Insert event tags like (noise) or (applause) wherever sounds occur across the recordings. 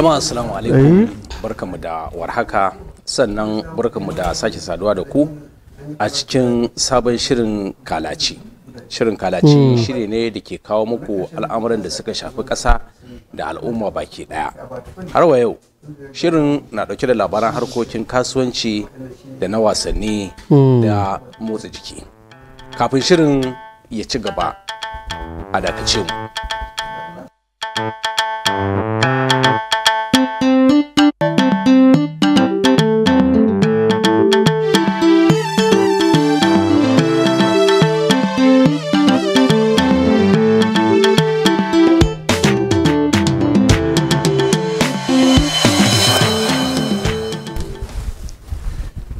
jama'a assalamu alaikum eh? barkamu da warhaka sannan barkamu da sake saduwa da ku a cikin sabon shirin kalaci shirin kalaci hmm. shiri ne da ke kawo muku al'amuran da suka shafi ƙasa da al'umma baki ɗaya har wa yau shirin na ɗauke da labaran harkokin kasuwanci da na wasanni hmm. da motsa jiki kafin shirin ya ci gaba a dakace mu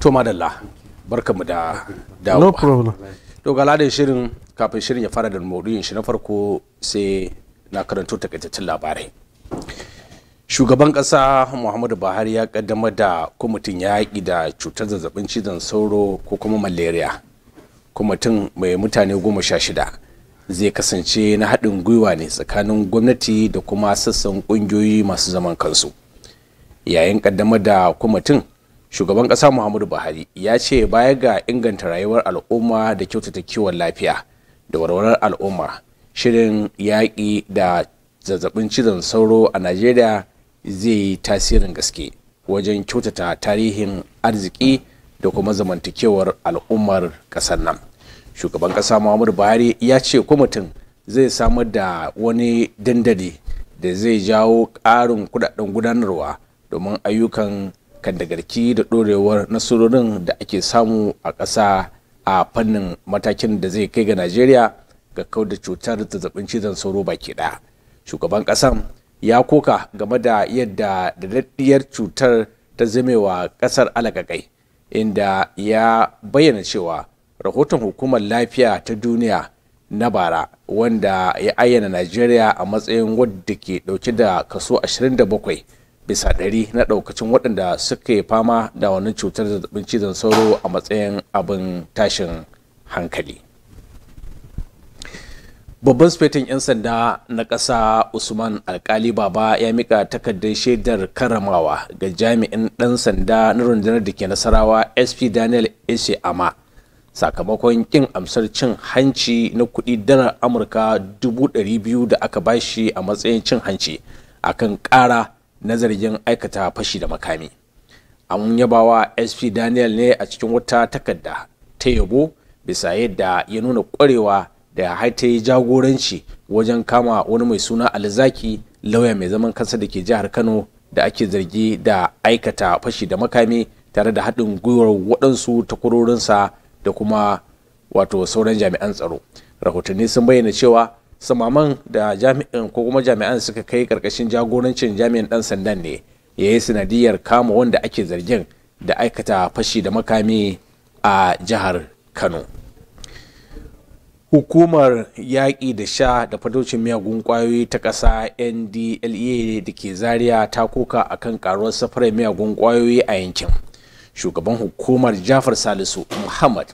to madalla barkamu da dawo no problem to ga ladan shirin kafin shirin ya fara da maudu'in shi na farko sai na karanto takaitaccen labarai shugaban kasa muhammadu buhari ya kaddamar da kwamitin yaƙi da cutar zazzabin cizon sauro ko kuma malaria kwamitin mai mutane goma sha shida zai kasance na haɗin gwiwa ne tsakanin gwamnati da kuma sassan ƙungiyoyi masu zaman kansu yayin kaddamar da kwamitin shugaban ƙasa muhammadu buhari ya ce baya ga inganta rayuwar al'umma da kyautata kiwon lafiya da warwarar al'umma shirin yaƙi da zazzabin cizon sauro a najeriya zai yi tasirin gaske wajen kyautata tarihin arziki da kuma zamantakewar al'ummar ƙasar nan shugaban ƙasa muhammadu buhari ya ce kwamitin zai samar da wani dandali da zai jawo ƙarin kudaden gudanarwa domin ayyukan kan dagarki da ɗorewar nasarorin da ake samu a ƙasa a fannin matakin da zai kai ga najeriya ga kau da cutar zazzabin cizon sauro baki ɗaya shugaban ƙasan ya koka game da yadda daɗaɗɗiyar cutar ta zamewa ƙasar alagagai inda ya bayyana cewa rahoton hukumar lafiya ta duniya na bara wanda ya ayyana najeriya a matsayin wadda ke ɗauke da kaso 27 bisa ɗari na ɗaukacin waɗanda suke fama da wannan cutar zazzabin cizon sauro a matsayin abin tashin hankali babban sufetin 'yan sanda na ƙasa usman alkali baba ya mika takardar shaidar karamawa ga jami'in ɗan sanda na rundunar da ke nasarawa sp daniel ese ama sakamakon kin amsar cin hanci na kuɗi dalar amurka 200,000 da aka bashi a matsayin cin hanci akan ƙara na zargin aikata fashi da makami an yabawa sp daniel ne a cikin wata takarda ta yabo bisa yadda ya nuna kwarewa da ya yi jagoranci wajen kama wani mai suna alzaki lauya mai zaman kansa da ke jihar kano da ake zargi da aikata fashi da makami tare da haɗin gwiwar waɗansu takwarorinsa da kuma wato sauran jami'an tsaro rahotanni sun bayyana cewa samaman da jami'in ko kuma jami'an suka kai karkashin jagorancin jami'in dan sandan ne ya yi sanadiyar kama wanda ake zargin da aikata fashi da makami a jihar kano hukumar yaƙi da sha da fadocin miyagun ƙwayoyi ta ƙasa ndla e da ke zaria ta koka kan karuwar safarar miyagun ƙwayoyi a yankin shugaban hukumar jafar salisu muhammad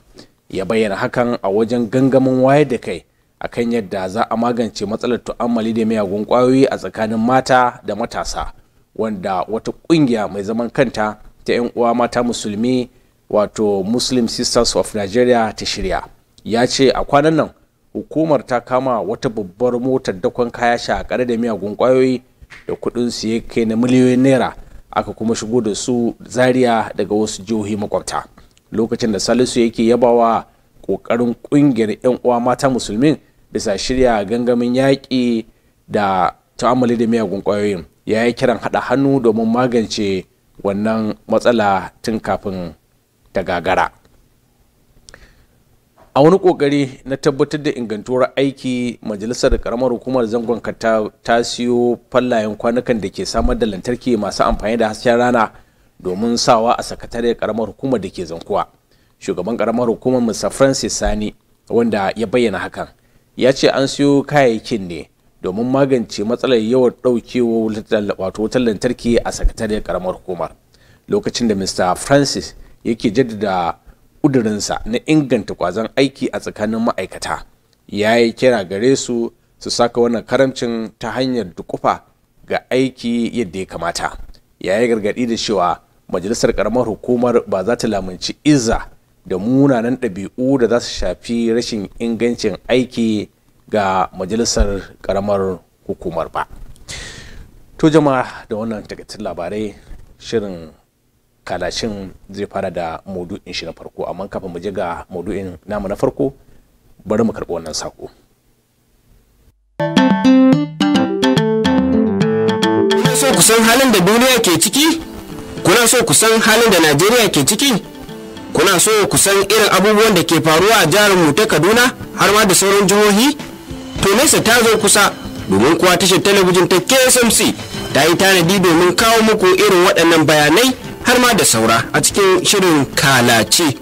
ya bayyana hakan a wajen gangamin wayar da kai akan yadda za a magance matsalar tu'ammali da miyagun kwayoyi a tsakanin mata da matasa wanda wata kungiya mai zaman kanta ta 'yan uwa mata musulmi wato muslim sisters of nigeria ta shirya ya ce a kwanan nan hukumar ta kama wata babbar motar dakon kaya shakar da miyagun kwayoyi da kudin su ya na miliyoyin naira aka kuma shigo da su zaria daga wasu jihohi makwabta lokacin da salisu yake yabawa kokarin kungiyar 'yan uwa mata musulmin bisa shirya gangamin yaƙi da ta'amali da miyagun ƙwayoyin ya yi kiran haɗa hannu domin magance wannan matsala tun kafin ta gagara a wani ƙoƙari na tabbatar da ingantuwar aiki majalisar karamar hukumar zangon ta, ta siyo fallayen kwanukan da ke samar da lantarki masu amfani da hasken rana domin sawa a sakatare ƙaramar hukumar da ke zankuwa shugaban ƙaramar hukumar musa francis sani wanda ya bayyana hakan ya ce an siyo kayayyakin ne domin magance matsalar yawan ɗauke wato wutar lantarki a sakatariyar karamar hukumar lokacin da mr francis yake jaddada ƙudurinsa na inganta kwazon aiki a tsakanin ma'aikata ya yi kira gare su su saka wannan karamcin ta hanyar dukufa ga aiki yadda ya kamata ya yi gargaɗi da cewa majalisar karamar hukumar ba za ta lamunci izza da munanan ɗabi'u da za su shafi rashin ingancin aiki ga majalisar ƙaramar hukumar ba to jama'a da wannan takaitattun labarai shirin kalashin zai fara da maudu'in shi na farko amma kafin mu ga maudu'in namu na farko bari mu karɓi wannan sako. Kuna so ku san halin da duniya ke ciki? Kuna so ku halin da Najeriya ke ciki? kuna so ku san irin abubuwan da ke faruwa a jihar mu ta kaduna har ma da sauran jihohi to nesa ta zo kusa domin kuwa tashar talabijin ta ksmc ta yi tanadi domin kawo muku irin waɗannan bayanai har ma da saura a cikin shirin kalace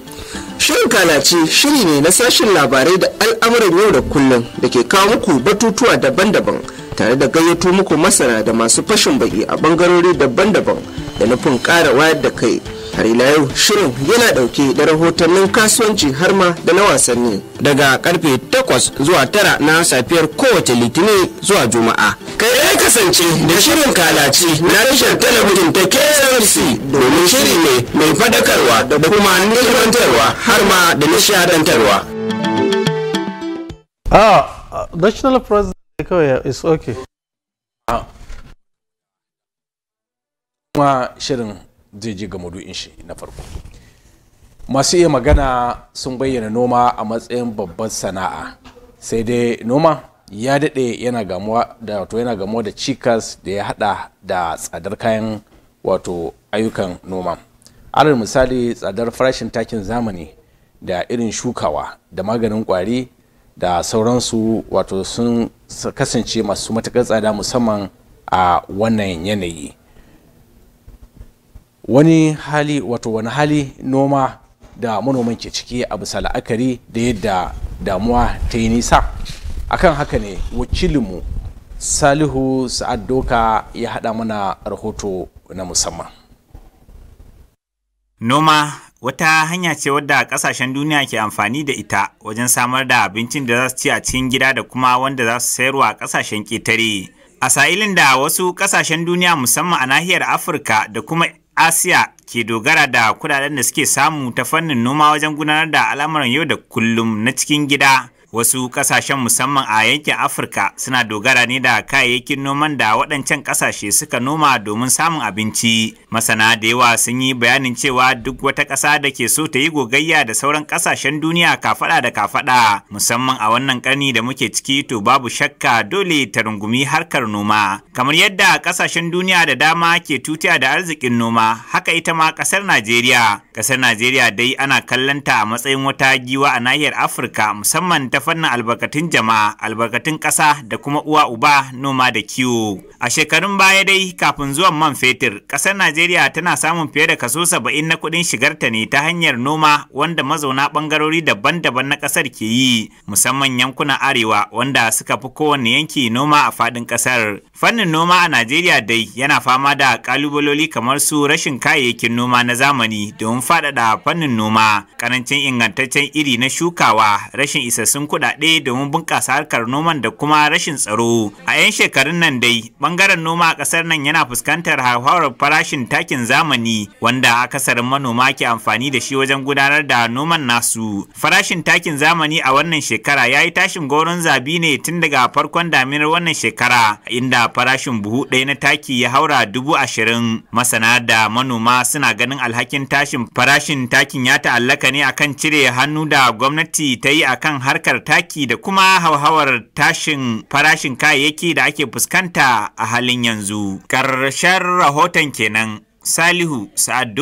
shirin kalace shiri ne na sashen labarai da al'amuran yau da kullum da ke kawo muku batutuwa daban-daban tare da gayyato muku masana da masu fashin baki a bangarori daban-daban da nufin ƙara wayar da kai har ila yau shirin yana dauke da rahotannin kasuwanci har ma da na wasanni daga karfe 8 zuwa 9 na safiyar kowace litinin zuwa juma'a kai ya kasance da shirin kalaci na tashar talabijin ta KLC domin shiri ne mai fadakarwa da kuma ilmantarwa har ma da nishadantarwa ah national president kawai is okay ah. shirin zai je ga madu'in shi na farko masu iya magana sun bayyana noma a matsayin babban sana'a sai dai noma ya daɗe yana gamuwa da wato yana gamuwa da cikas da ya hada da tsadar kayan wato ayyukan noma alal misali tsadar farashin takin zamani da irin shukawa da maganin kwari da sauransu wato sun kasance masu matuƙar tsada musamman a wannan yanayi wani hali wato wani hali noma da manoman ke ciki a bisa la'akari da yadda damuwa ta yi nisa akan haka ne wakilinmu salihu sa'ad doka ya haɗa mana rahoto na musamman noma wata hanya ce wadda kasashen duniya ke amfani da ita wajen samar da abincin da za su ci a cikin gida da kuma wanda za su sayarwa kasashen ƙetare a sa'ilin da wasu kasashen duniya musamman a nahiyar afirka da kuma Asiya ke dogara da kudaden da suke samu ta fannin noma wajen gudanar da al'amuran yau da kullum na cikin gida Wasu kasashen musamman a yankin Afirka suna dogara ne da kayayyakin noman da waɗancan ƙasashe suka noma domin samun abinci. Masana da yawa sun yi bayanin cewa duk wata ƙasa da ke so ta yi gogayya da sauran ƙasashen duniya kafaɗa da kafaɗa musamman a wannan ƙarni da muke ciki to babu shakka dole ta rungumi harkar noma. Kamar yadda ƙasashen duniya da dama ke tutiya da arzikin noma haka ita ma ƙasar Najeriya. Ƙasar Najeriya dai ana kallonta a matsayin wata giwa a nahiyar Afirka musamman ta fannin albarkatun jama'a albarkatun ƙasa da kuma uwa uba noma da kiwo a shekarun baya dai kafin zuwan man fetur ƙasar najeriya tana samun fiye da kaso saba'in na kuɗin shigarta ne ta hanyar noma wanda mazauna ɓangarori daban-daban na ƙasar ke yi musamman yankunan arewa wanda suka fi kowane yanki noma a faɗin ƙasar fannin noma a najeriya dai yana fama da ƙalubaloli kamar su rashin kayayyakin noma na zamani domin faɗaɗa fannin noma ƙarancin ingantaccen iri na shukawa rashin isassun kuɗaɗe domin bunƙasa harkar noman da kuma rashin tsaro. A 'yan shekarun nan dai, ɓangaren noma a ƙasar nan yana fuskantar hauhawar farashin takin zamani wanda akasarin manoma ke amfani da shi wajen gudanar da noman nasu. Farashin takin zamani a wannan shekara ya yi tashin goron zabi ne tun daga farkon daminar wannan shekara, inda farashin buhu ɗaya na taki ya haura dubu ashirin. Masana da manoma suna ganin alhakin tashin farashin takin ya ta'allaka ne akan cire hannu da gwamnati ta yi akan harkar tsadar taki da kuma hauhawar tashin farashin kayayyaki da ake fuskanta a halin yanzu. Ƙarshen rahoton kenan Salihu Sa'ad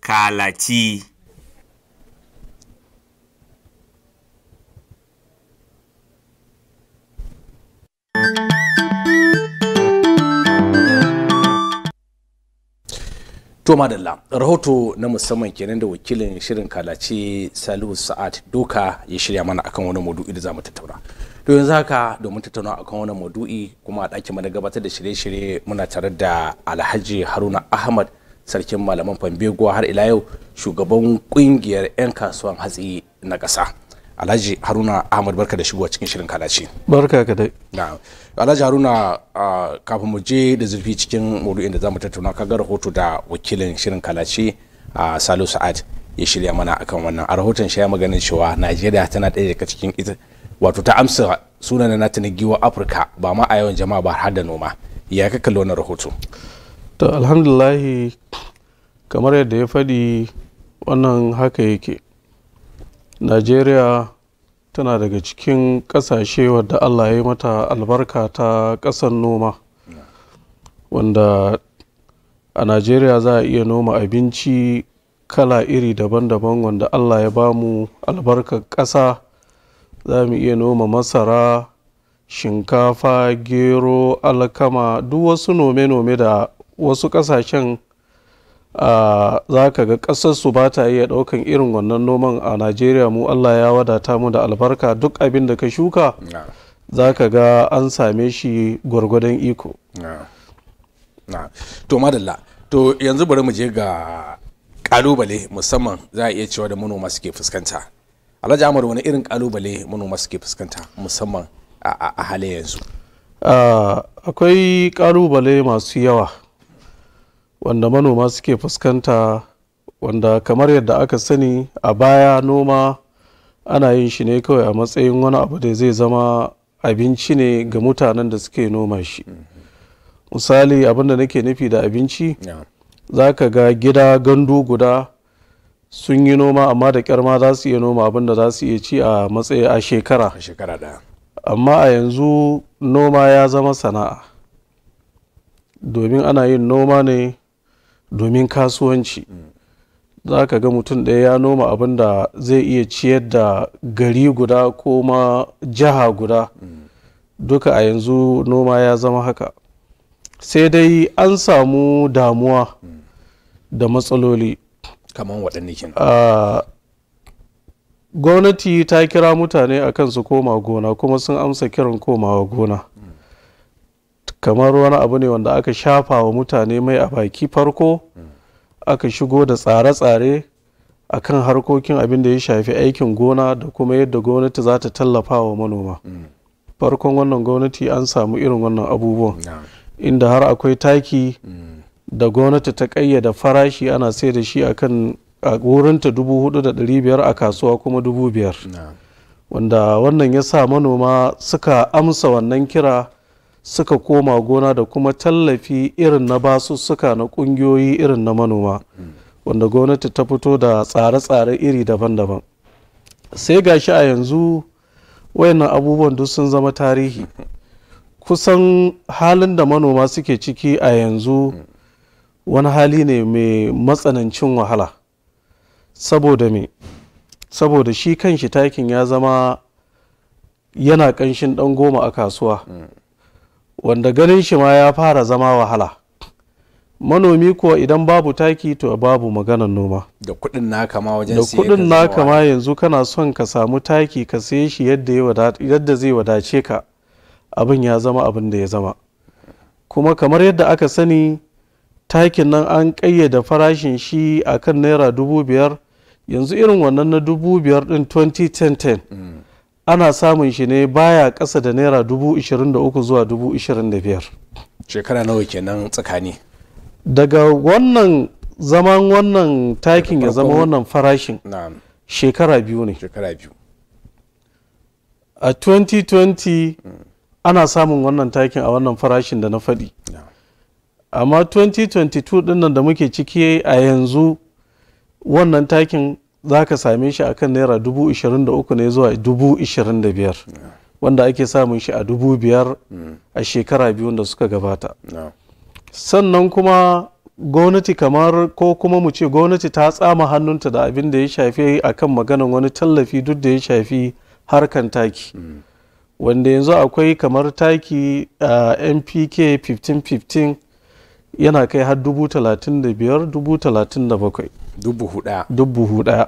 Kalaci. to madalla rahoto na musamman kenan da wakilin shirin kalace salihu sa'ad doka ya shirya mana akan wani maudu'i da za mu tattauna to yanzu haka domin tattauna akan wani maudu'i kuma a ɗakin mana gabatar da shirye-shirye muna tare da alhaji haruna ahmad sarkin malaman fambeguwa har ila yau shugaban kungiyar 'yan kasuwan hatsi na ƙasa alhaji haruna ahmad barka da shigowa cikin shirin kalaci barka ka dai alhaji haruna kafin mu je da zurfi cikin maudu'in da zamu tattauna kaga rahoto da wakilin shirin kalaci a salo sa'ad ya shirya mana akan wannan a rahoton shi ya maganin cewa najeriya tana ɗaya daga cikin ita wato ta amsa sunan na giwa afirka ba ma a yawan jama'a ba har da noma ya ka kalli wannan rahoto to alhamdulillah kamar yadda ya faɗi wannan haka yake najeriya tana daga cikin kasashe wadda allah ya yi mata albarka ta ƙasan noma wanda a najeriya za a iya noma abinci kala iri daban-daban wanda allah ya ba mu albarkar ƙasa za mu iya noma masara shinkafa gero alkama duk wasu nome-nome da wasu ƙasashen za ka ga su ba ta iya ɗaukan irin wannan noman a najeriya mu allah ya wadata mu da albarka duk abin da ka shuka za ka ga an same shi gwargwadon iko to madalla to yanzu bari mu je ga kalubale musamman za a iya cewa da manoma suke fuskanta alhaji amur wani irin kalubale manoma suke fuskanta musamman a halin yanzu akwai kalubale masu yawa wanda manoma suke fuskanta wanda kamar yadda aka sani a baya noma ana yin shi ne kawai a matsayin wani abu da zai zama abinci ne ga mutanen da suke noma shi misali abinda nake nufi da abinci za ka ga gida gandu guda sun yi noma amma da kyar ma za su iya noma abinda za su iya ci a matsayi a shekara amma a yanzu noma ya zama sana'a domin ana yin noma ne domin kasuwanci za ka ga mutum ɗaya ya noma abin da zai iya ciyar da gari guda ko ma jiha guda duka a yanzu noma ya zama haka sai dai an samu damuwa da matsaloli kamar waɗanne gwamnati ta kira mutane akan su koma gona kuma sun amsa kiran komawa gona kamar wani abu ne wanda aka shafa wa mutane mai a baki farko aka shigo da tsare-tsare a kan harkokin abin da ya shafi aikin gona da kuma yadda gwamnati za ta tallafa wa manoma farkon wannan gwamnati an samu irin wannan abubuwan inda har akwai taki da gwamnati ta kayyada farashi ana sai da shi akan a wurinta dubu hudu da dari biyar a kasuwa kuma dubu biyar wanda wannan ya sa manoma suka amsa wannan kira suka koma gona da kuma tallafi irin na basussuka na kungiyoyi irin na manoma wanda gwamnati ta fito da tsare-tsare iri daban-daban sai gashi a yanzu wayannan abubuwan duk sun zama tarihi kusan halin da manoma suke ciki a yanzu wani hali ne mai matsanancin wahala saboda me saboda shi kanshi takin ya zama yana ƙanshin ɗan goma a kasuwa wanda ganin shi ma ya fara zama wahala manomi kuwa idan babu taki to babu maganan noma da kudin naka ma yanzu kana son ka samu taki ka saye shi yadda zai wadace ka abin ya zama abin da ya zama kuma kamar yadda aka sani takin nan an ƙayyada farashin shi akan naira dubu biyar yanzu irin wannan na dubu biyar din 2010 ana samun shi ne baya ƙasa da naira dubu ishirin da uku zuwa dubu ishirin da biyar shekara nawa kenan tsakani daga wannan zaman wannan takin ya zama wannan farashin shekara biyu ne shekara biyu a 2020 ana samun wannan takin a wannan farashin da na faɗi amma 2022 dinnan da muke ciki a yanzu wannan takin za ka same shi akan naira dubu ishirin da uku ne zuwa dubu ishirin da biyar wanda ake samun shi a dubu biyar a shekara biyu da suka gabata sannan kuma gwamnati kamar ko kuma mu ce gwamnati ta tsama hannunta da abin da ya shafi akan maganan wani tallafi duk da ya shafi harkan taki wanda yanzu akwai kamar taki a npk 1515 yana kai har dubu talatin da biyar dubu talatin da bakwai dubu huda dubu huda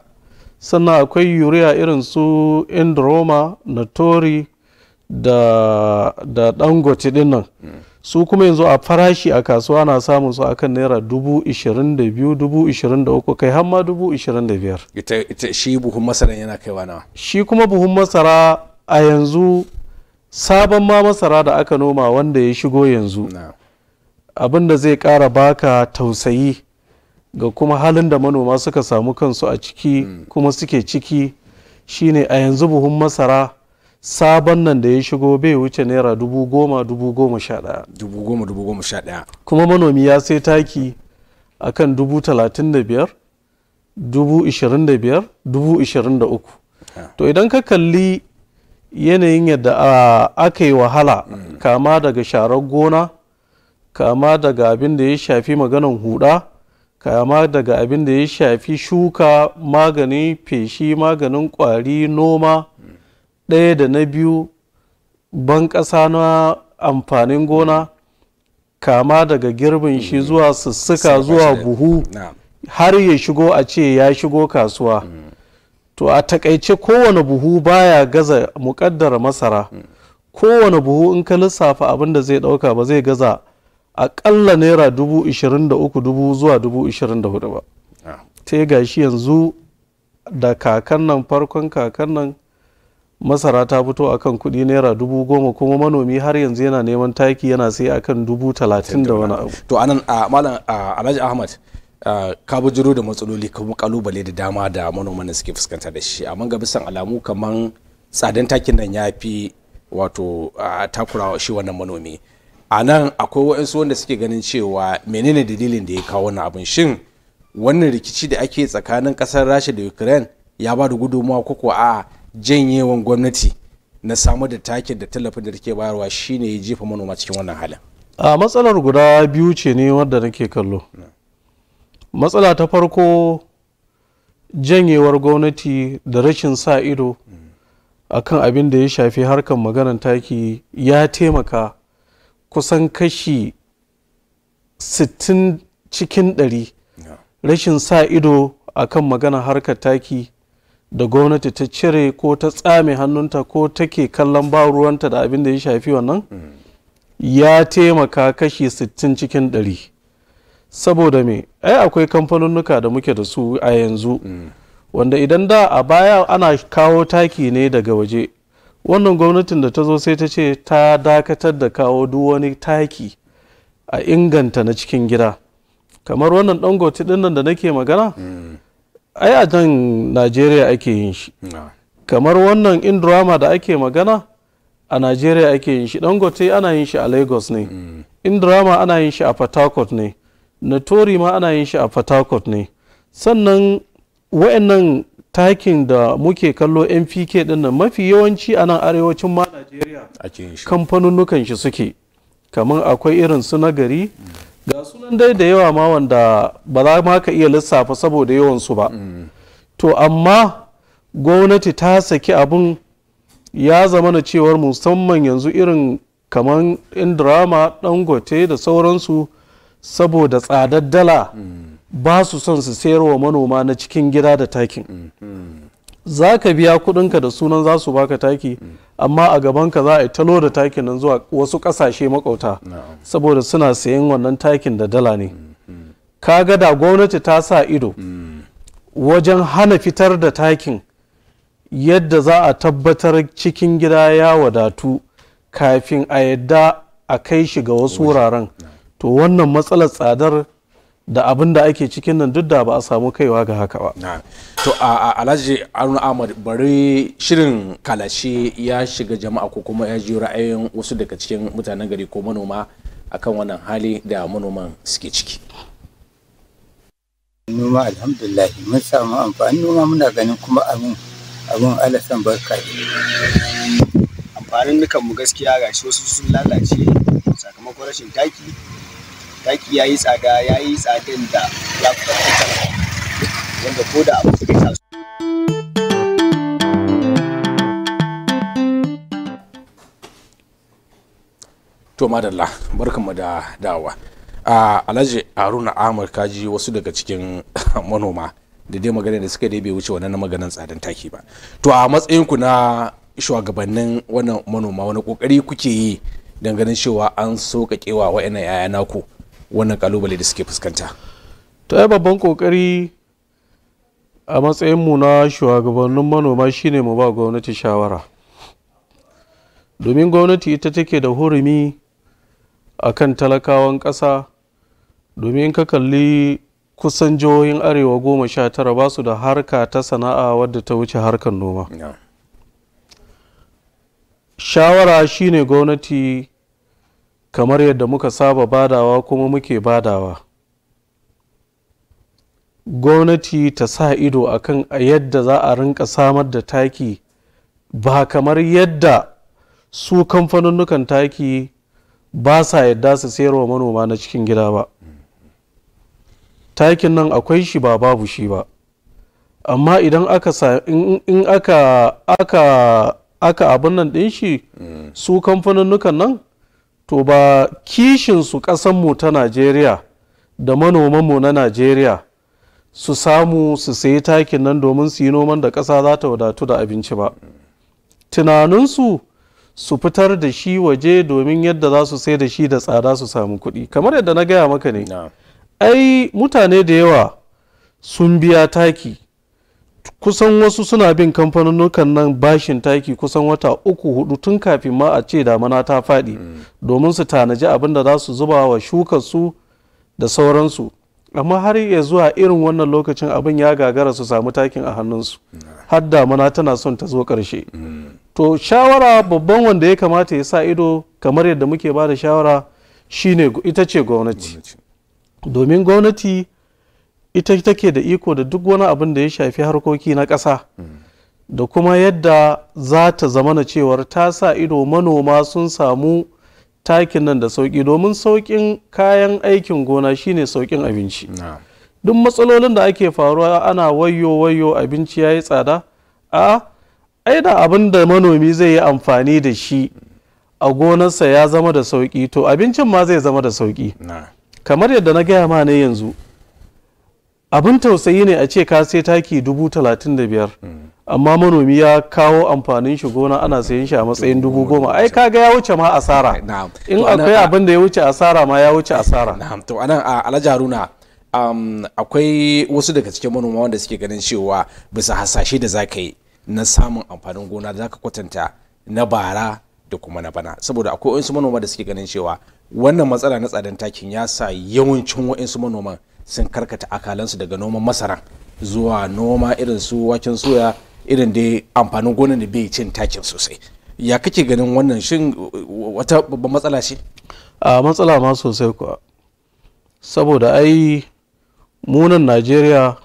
sannan akwai yuriya irin su indroma notori da da dangote din nan mm. su kuma yanzu a farashi a kasuwa na samun su akan naira dubu ishirin da biyu dubu ishirin da uku kai har ma dubu ishirin da biyar ita, ita shi buhun masara yana kaiwa nawa shi kuma buhun masara a yanzu sabon ma masara da aka noma wanda ya shigo yanzu no. abin da zai kara baka tausayi ga kuma halin da manoma suka samu kansu a ciki hmm. kuma suke ciki shine a yanzu buhun masara sabon nan da ya shigo bai wuce naira dubu goma dubu goma sha ɗaya dubu goma dubu goma sha ɗaya kuma manomi ya sai taki a kan dubu talatin da biyar dubu ishirin da biyar dubu ishirin da uku to idan ka kalli yanayin yadda aka yi wahala hmm. kama daga sharar gona kama daga abin da ya shafi maganan huda kama daga abin da ya shafi shuka magani feshi maganin kwari noma ɗaya da na biyu ban ƙasa na amfanin gona kama daga girbin shi zuwa sussuka zuwa buhu har ya shigo a ce ya shigo kasuwa to a takaice kowane buhu baya gaza mukaddara masara mm. kowane buhu in ka lissafa abin da zai ɗauka ba zai gaza akalla naira dubu ishirin da uku dubu zuwa dubu ishirin da hudu ba ta ah. ga shi yanzu da kakan nan farkon kakan nan masara ta fito kan kuɗi naira dubu goma kuma manomi har yanzu yana neman taki yana sai akan dubu talatin da wani abu to anan a malam alhaji ahmad ka bujiro da matsaloli kuma kalubale da dama da manoman suke fuskanta da shi amma ga bisan alamu kaman tsadan takin nan ya fi wato takurawa shi wannan manomi a nan akwai waɗansu wanda suke ganin cewa menene dalilin da ya kawo wannan abin shin wannan rikici da ake tsakanin ƙasar rasha da ukraine ya ba da gudunmawa ko kuwa a janyewan gwamnati na samar da takin da tallafin da take bayarwa shine ya jefa manoma cikin wannan halin a matsalar guda biyu ce ne wadda nake kallo matsala ta farko janyewar gwamnati da rashin sa ido akan abin da ya shafi harkar maganan taki ya taimaka kusan kashi 60 cikin 100 rashin sa ido a kan magana harkar taki da gwamnati ta cire ko ta tsame hannunta ko take kallon ba ruwanta da abin da ya shafi wannan hmm. ya taimaka kashi 60 cikin 100 saboda me ai akwai kamfanunnuka da muke da su a yanzu hmm. wanda idan da a baya ana kawo taki ne daga waje wannan gwamnatin da ta zo sai ta ce ta dakatar da kawo duk wani taki a inganta na cikin gida kamar wannan dangote dinnan da nake magana hmm. ai a nan najeriya ake yin shi hmm. ah. kamar wannan indrama da ake magana a najeriya ake yin shi dangote ana yin shi a lagos ne hmm. indrama ana yin shi a port ne tori ma ana yin shi a port ne sannan wa'annan takin da muke kallo npk din nan mafi yawanci a nan arewacin ma najeriya kamfanunnukan shi suke kamar akwai irin su nagari ga sunan dai da yawa ma wanda ba za ma ka iya lissafa saboda yawan su ba to amma gwamnati ta saki abun ya zama na cewar musamman yanzu irin kamar indrama dangote da sauransu saboda tsadar dala ba su son su sayar wa manoma na cikin gida da takin za ka biya kudinka da sunan za su baka taki amma a gabanka za a yi talo da takin nan zuwa wasu kasashe makauta saboda suna sayan wannan takin da dala ne ka ga da gwamnati ta sa ido wajen hana fitar da takin yadda za a tabbatar cikin gida ya wadatu kafin a yadda a kai shi ga wasu wuraren to wannan matsalar tsadar da abin da ake cikin nan duk da ba a samu kaiwa ga haka ba. To a Alhaji arun Ahmad bari shirin kalashe ya shiga jama'a ko kuma ya ji ra'ayin wasu daga cikin mutanen gari ko manoma akan wannan hali da manoman suke ciki. Noma alhamdulillah mun samu amfani noma muna ganin kuma abin abin alasan barka. Amfanin nukan mu gaskiya gashi wasu sun lalace sakamakon rashin taki daki ya yi tsada ya yi tsadin da ya kwatanta wanda ko da abu suke tasu. To madalla barkanmu da dawa. a Alhaji Haruna Ahmad kaji wasu daga cikin (laughs) manoma da dai magana da suka dai bai wuce wannan maganan tsadan taki ba. To a ku na shugabannin wannan manoma wani kokari kuke yi dangane ganin cewa an sauƙaƙe wa wa'annan 'ya'ya naku wannan kalubale da suke fuskanta ta yi babban kokari a matsayinmu na shugabannin manoma shine mu ba gwamnati shawara domin gwamnati ita take da hurumi a kan talakawan ƙasa domin ka kalli kusan jihohin arewa goma sha tara ba su da harka ta sana'a wadda ta wuce harkar noma shawara shine gwamnati kamar yadda muka saba badawa kuma muke badawa gwamnati ta sa ido akan a yadda za a rinka samar da taki ba kamar yadda su kamfanunnukan taki ba sa yadda su wa manoma na cikin gida ba takin nan akwai shi ba babu shi ba amma idan aka in aka aka abin nan din shi mm. su kamfanunnukan nan to ba kishin su kishinsu mu ta najeriya da manoman mu na najeriya su samu su sayi takin nan domin su yi noman da ƙasa za ta wadatu da abinci ba tunaninsu su fitar da shi waje domin yadda za su sai da shi da tsada su samu kuɗi kamar yadda na gaya maka ne ai mutane da yawa sun biya taki kusan wasu suna bin kamfanonukan nan bashin taki kusan wata uku hudu tun kafin ma a ce damana ta faɗi domin su tanaji abin da za su zuba wa shukarsu da sauransu amma har ya zuwa irin wannan lokacin abin ya gagara su samu takin a hannunsu har damana tana son ta zo karshe. to shawara babban wanda ya kamata ya sa ido kamar yadda muke ba da shawara shine ita ce gwamnati domin gwamnati ita take da iko da duk wani abin da ya shafi harkoki na ƙasa da kuma yadda za ta na cewar ta sa ido manoma sun samu takin nan da sauƙi domin sauƙin kayan aikin gona shine sauƙin abinci duk matsalolin da ake faruwa ana wayo wayo abinci ya yi tsada a ai da abin da manomi zai yi amfani da shi a gonarsa ya zama da sauƙi to abincin ma zai zama da sauƙi kamar yadda na gaya ma ne yanzu abin tausayi ne a ce ka sai taki dubu talatin da biyar amma manomi ya kawo amfanin shi gona ana sayan shi a matsayin dubu goma ai kaga ya wuce ma asara in akwai abin da ya wuce asara ma ya wuce asara to anan alhaji haruna akwai wasu daga cikin manoma wanda suke ganin cewa bisa hasashe da zaka yi na samun amfanin gona da zaka kwatanta na bara da kuma na bana saboda akwai wasu manoma da suke ganin cewa wannan matsala na tsadan takin ya sa yawancin wa'insu manoman sun karkata akalansu daga noman masara zuwa noma irin su waken soya irin da amfanin gonan da bai cin takin sosai ya kake ganin wannan shin wata babban matsala ce a matsala ma sosai kuwa saboda ai munan najeriya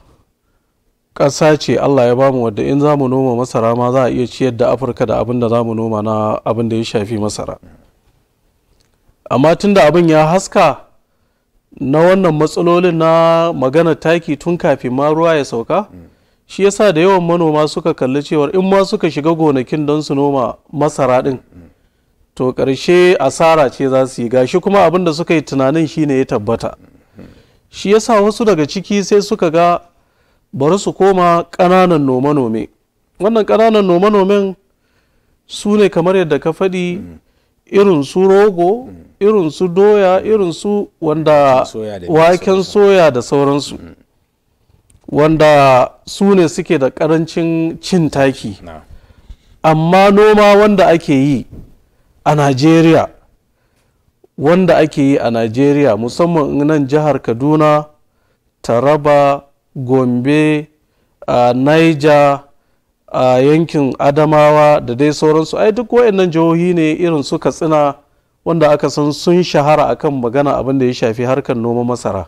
ƙasa ce allah ya bamu wadda in za mu noma masara ma za a iya ciyar da afirka da abin da za mu noma na abin da ya shafi masara amma tun da abin ya haska na wannan matsalolin na magana taki tun kafin ma ruwa ya sauka shi yasa da yawan manoma suka kalli cewar in ma suka shiga gonakin don su noma masara din to ƙarshe asara ce za su yi gashi kuma abin da suka yi tunanin shine ya tabbata shi yasa wasu daga ciki sai suka ga bari su koma ƙananan nome-nome wannan ƙananan nome-nomen su ne kamar yadda ka faɗi irin su rogo irin su doya irin su wanda waken soya da sauransu mm. wanda su ne suke da karancin cin taki amma noma wanda ake yi a najeriya wanda ake yi a najeriya musamman nan jihar kaduna taraba gombe a niger a yankin adamawa da dai sauransu ai duk waɗannan jihohi ne irin su katsina wanda aka san sun shahara akan magana abin da ya shafi harkar noma masara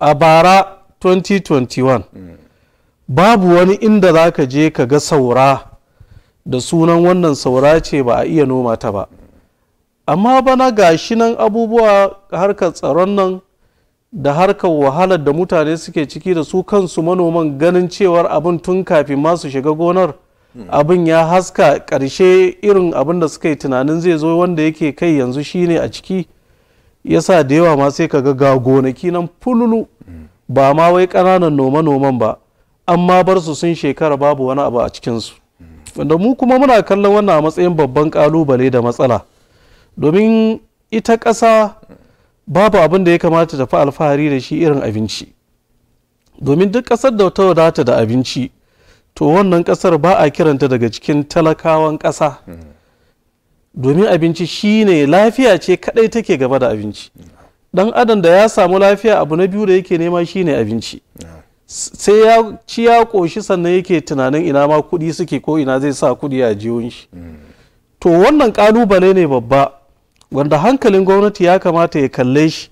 a bara 2021 babu wani inda za ka je ka ga saura da sunan wannan saura ce ba a iya noma ta ba amma bana shi nan abubuwa harkar tsaron nan da harkar wahalar da mutane suke ciki da su kansu manoman ganin cewar abin tun kafin masu shiga gonar abin ya haska karshe irin abin da suka yi tunanin zai zo wanda yake kai yanzu shine a ciki ya sa da yawa ma sai ka ga gonaki nan fululu ba ma wai kananan noma-noman ba amma bar su sun shekara babu wani abu a cikinsu wanda mu kuma muna kallon wannan a matsayin babban ƙalubale da matsala domin ita ƙasa babu abin da ya kamata tafi alfahari da shi irin abinci domin duk ƙasar da ta wadata da abinci to wannan kasar ba a kiranta daga cikin talakawan kasa domin abinci shine lafiya ce kadai take gaba da abinci dan adam da ya samu lafiya abu na biyu da yake nema shine abinci sai ya ci ya koshi sannan yake tunanin ina ma kudi suke ko ina zai sa kudi a jiwon shi to wannan kalubale ne babba wanda hankalin gwamnati ya kamata ya kalle shi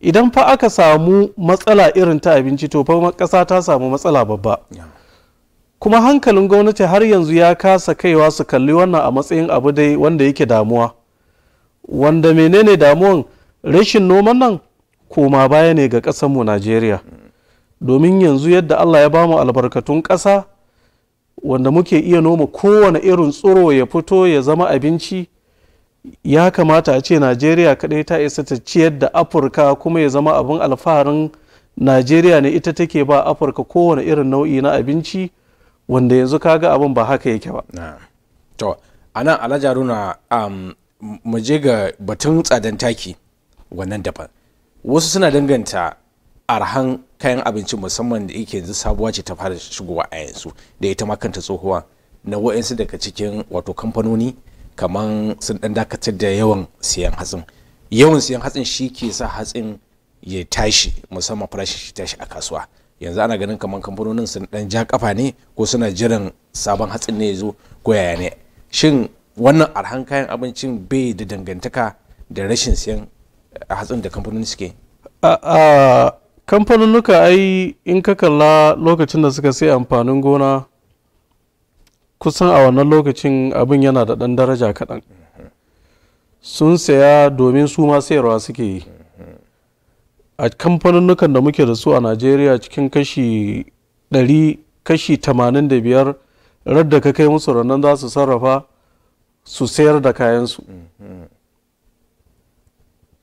idan fa aka samu matsala irin ta abinci to fa kasa ta samu matsala babba kuma hankalin gwamnati har yanzu ya kasa kaiwa su kalli wannan a matsayin abu dai wanda yake damuwa wanda menene damuwan rashin noman nan koma baya ne ga kasanmu najeriya domin yanzu yadda allah ya bamu albarkatun ƙasa wanda muke iya noma kowane irin tsoro ya fito ya zama abinci ya kamata a ce najeriya kaɗai ta isa ta ci yadda afirka kuma ya zama abin alfaharin najeriya ne ita take ba afirka kowane irin nau'i na abinci wanda yanzu kaga abin ba haka yake ba to nan alhaji haruna mu je ga batun tsadan taki wannan daban wasu suna danganta arhan kayan abinci musamman da yake yanzu sabuwa ce ta fara shigowa a yanzu da ita makanta tsohuwa na wa'insu daga cikin wato kamfanoni kamar sun dan dakatar da yawan siyan hatsin yawan siyan hatsin shi ke sa hatsin ya tashi musamman farashin shi tashi a kasuwa yanzu ana ganin kamar kamfanonin sun dan ja kafa ne ko suna jiran sabon hatsin ne ya zo ko yaya ne shin wannan arhan kayan abincin bai da dangantaka da rashin siyan eh, hatsin da kamfanonin suke a kamfanonuka ai in ka kalla lokacin da suka sai amfanin gona kusan a wannan lokacin abin yana da ɗan daraja kaɗan mm-hmm. sun saya domin su ma sayarwa suke yi mm-hmm. a kamfanin da muke da su a najeriya cikin kashi 100 kashi 85 radda ka kai musu rannan za su sarrafa su sayar da kayansu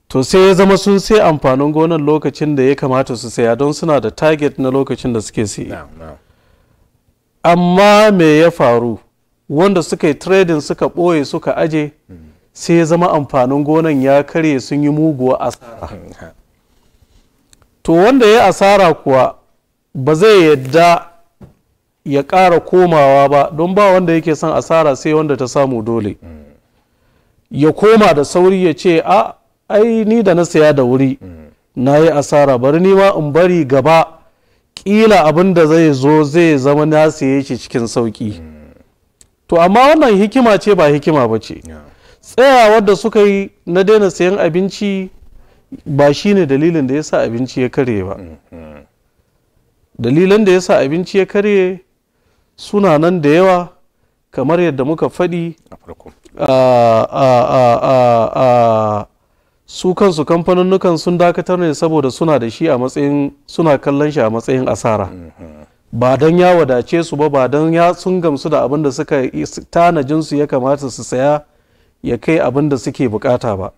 to sai ya zama sun sai amfanin gonar lokacin da ya kamata su saya don suna da target na lokacin da suke siye amma me ya faru wanda suka yi trading suka ɓoye suka aje mm. sai ya zama amfanin gonan ya karye sun yi muguwa asara (laughs) to wanda ya asara kuwa ba zai yadda ya ƙara komawa ba don ba wanda yake son asara sai wanda ta samu dole ya koma da sauri ya ce a ai ni da na saya da wuri na yi asara bari ni ma in bari gaba ƙila abin da zai zo zai zama na saye shi cikin sauƙi to amma wannan hikima ce ba hikima ba ce Tsaya wadda suka yi na daina sayan abinci ba shi ne dalilin da ya sa abinci ya karye ba mm, mm. dalilan da ya sa abinci ya karye suna nan da yawa kamar yadda muka faɗi su kansu kamfaninnukan sun dakatar ne saboda suna da shi a matsayin suna kallon shi a matsayin asara mm, ba don ya wadace su ba ba don ya sun gamsu da abin da suka tanajinsu ya kamata su saya ya kai abin da suke bukata ba